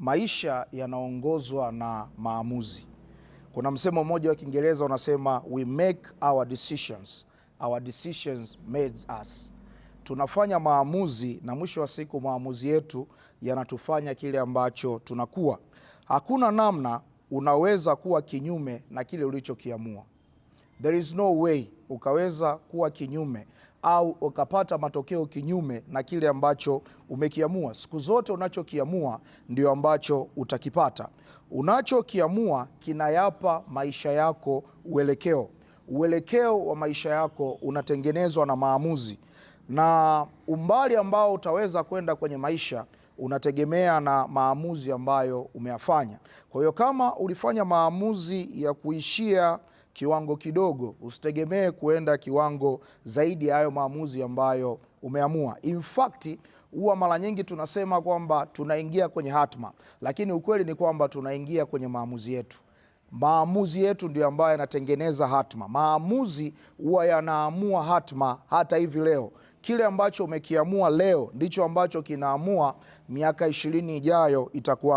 Maisha yanaongozwa na maamuzi. Kuna msemo mmoja wa Kiingereza unasema we make our decisions, our decisions made us. Tunafanya maamuzi na mwisho wa siku maamuzi yetu yanatufanya kile ambacho tunakuwa. Hakuna namna unaweza kuwa kinyume na kile ulichokiamua. There is no way ukaweza kuwa kinyume au ukapata matokeo kinyume na kile ambacho umekiamua. Siku zote unachokiamua ndio ambacho utakipata. Unachokiamua kinayapa maisha yako uelekeo. Uelekeo wa maisha yako unatengenezwa na maamuzi, na umbali ambao utaweza kwenda kwenye maisha unategemea na maamuzi ambayo umeyafanya. Kwa hiyo kama ulifanya maamuzi ya kuishia kiwango kidogo, usitegemee kuenda kiwango zaidi ya hayo maamuzi ambayo umeamua. In fact huwa mara nyingi tunasema kwamba tunaingia kwenye hatma, lakini ukweli ni kwamba tunaingia kwenye maamuzi yetu. Maamuzi yetu ndio ambayo yanatengeneza hatma. Maamuzi huwa yanaamua hatma hata hivi leo. Kile ambacho umekiamua leo ndicho ambacho kinaamua miaka ishirini ijayo itakuwa